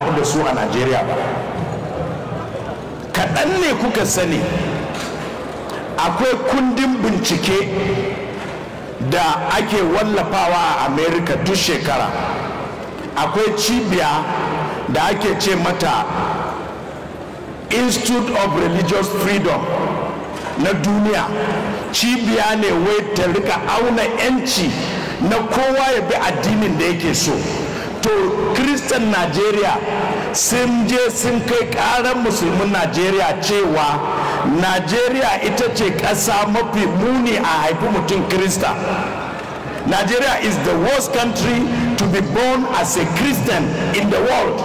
da su a Najeriya ba kaɗan ne kuka sani akwai kundin bincike da ake wallafawa a Amerika duk shekara akwai cibiya da ake ce mata institute of religious freedom na duniya cibiya ne wai ta rika auna 'yanci na kowa ya bi addinin da yake so to kristan najeriya sun je sun kai karan musulmin najeriya cewa najeriya ita ce ƙasa mafi muni a haifi mutum krista Nigeria is the worst country to be born as a Christian in the world.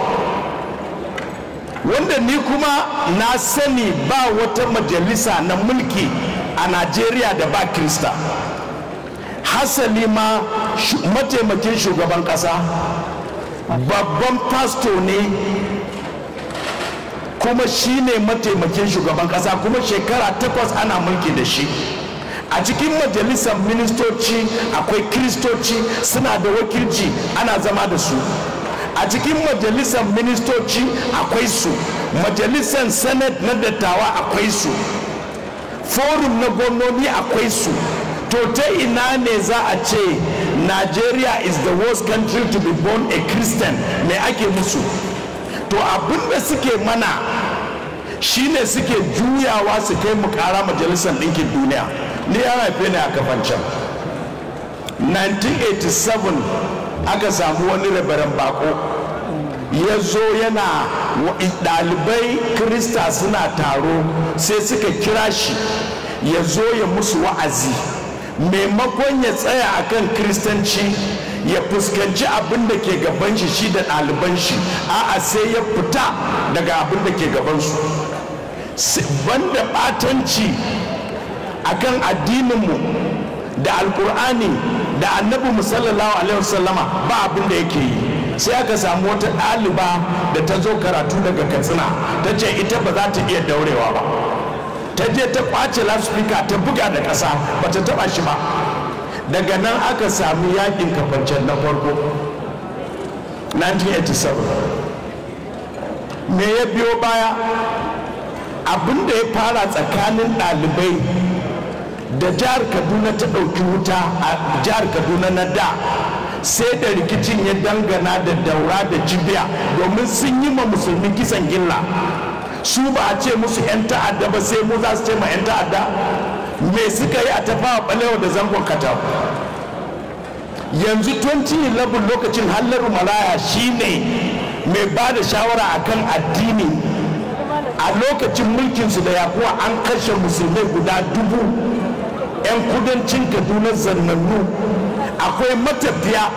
Wanda ni kuma na sani ba wata majalisa na mulki a Najeriya da ba Krista. Hasali ma mataimakin shugaban ƙasa babban pasto ne kuma shi ne mataimakin shugaban kasa kuma shekara takwas ana mulki da shi a cikin majalisar ministoci akwai kiristoci suna da wakilci ana zama da su a cikin majalisar ministoci akwai su majalisar senate na dattawa akwai su forum na gwamnoni akwai su to ta ina ne za a ce nigeria is the worst country to be born a christian me ake musu to abin da suke mana shine suke juyawa su kai mu kara majalisar ɗinkin duniya ni ya haife ne a can. 1987 aka samu wani rabaran bako ya zo yana ɗalibai krista suna taro sai suka kira shi ya zo ya musu wa'azi maimakon ya tsaya a kan kiristanci ya fuskanci abin da ke gaban shi shi da ɗaliban shi a'a sai ya fita daga abin da ke gaban su banda ɓatanci kan addininmu da alkur'ani da annabi musallallahu alaihi wasallama ba abin da yake yi sai aka samu wata ɗaliba da ta zo karatu daga katsina ta ce ita ba za ta iya daurewa ba ta je ta kwace lasfika ta buga da ƙasa ba ta taɓa shi ba daga nan aka samu yakin kafancen na farko 1987 me ya biyo baya abin da ya fara tsakanin ɗalibai da jihar kaduna ta ɗauki wuta a jihar kaduna na da sai da rikicin ya dangana da daura da jibiya domin sun yi ma musulmi kisan gilla su ba a ce musu 'yan ta'adda ba sai mu za su ce ma 'yan ta'adda me suka yi a tafawa balewa da zangon katau yanzu 2011 lokacin hallar malaya shine mai ba da shawara akan addini a lokacin mulkinsu da yakuwa an kashe musulmai guda dubu 'yan kudancin kaduna zannannu akwai matafiya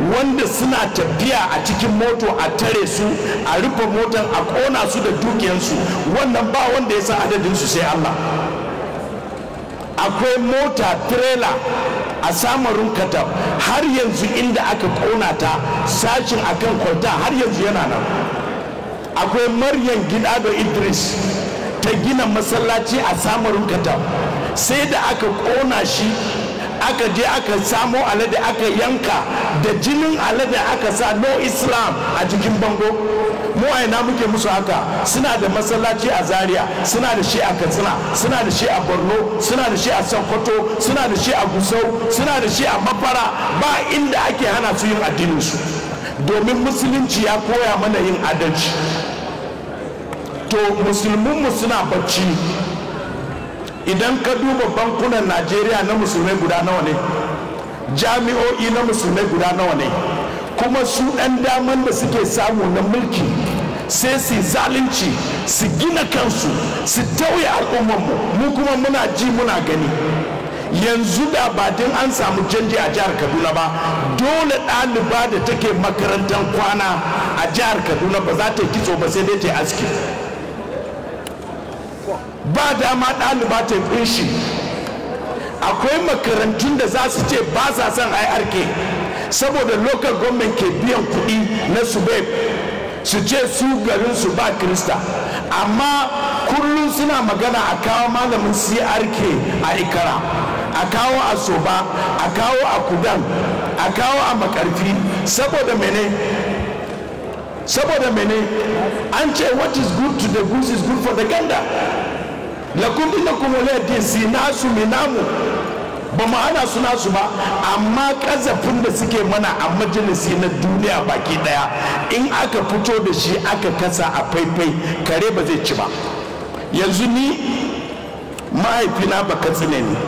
wanda suna tafiya a cikin moto a tare su a rufe motar a kona su da dukiyansu wannan ba wanda ya san su sai Allah akwai mota trailer a samarin katab har yanzu inda aka kona ta sashin akan kwalta har yanzu yana nan akwai maryan gida da idris ta gina masallaci a samarin katab sai da aka kona shi aka je aka samo alade aka yanka da jinin alade aka sa no islam a jikin bango mu aina muke musu haka suna da masallaci a zaria suna da shi a katsina suna da shi a borno suna da shi a sokoto suna da shi a gusau suna da shi a mafara ba inda ake hana su yin addinin su domin musulunci ya koya mana yin adalci to musulminmu suna bacci idan ka duba bankunan najeriya na musulmai guda nawa ne jami'o'i na musulmai guda nawa ne kuma su ɗan daman da suke samu na mulki sai su zalunci su gina kansu su tauye al'ummanmu mu kuma muna ji muna gani yanzu da ba batin an samu canji a jihar kaduna ba dole ɗaliba da take makarantar kwana a jihar kaduna ba za ta yi kitso ba sai dai ta yi aski ba dama ɗaliba ta yi shi akwai makarantun da za su ce ba sa son irk saboda local government ke biyan kuɗi na su su ce su garin su ba krista amma kullum suna magana a kawo malamin crk a ikara a kawo a soba a kawo a kudan a kawo a makarfi saboda mene saboda mene an ce what is good to the goose is good for the gander lakum dinakum su sinasu minamu ba mu hana su nasu ba amma kazafin da suke mana a majalisi na duniya baki daya in aka fito da shi aka kasa a faifai kare ba zai ci ba yanzu ni mahaifina ba katsine ne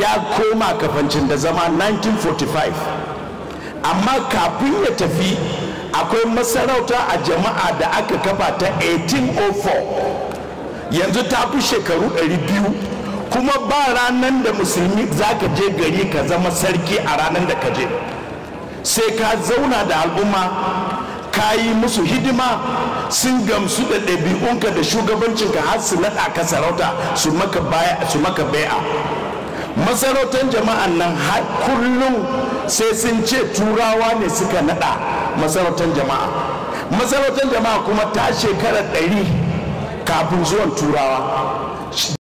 ya koma kafancin da zama 1945 amma kafin ya tafi akwai masarauta a jama'a da aka kafa ta 1804 yanzu ta fi shekaru 200 kuma ba ranar da musulmi za ka je gari ka zama sarki a ranar da ka je sai ka zauna da al'umma ka yi musu hidima sun gamsu da ɗabi'unka da shugabancinka har su naɗa ka sarauta su maka bai'a masarautar jama'an nan har kullum sai sun ce turawa ne suka naɗa masarautar jama'a masarautar jama'a kuma ta shekara ɗari kafin zuwan turawa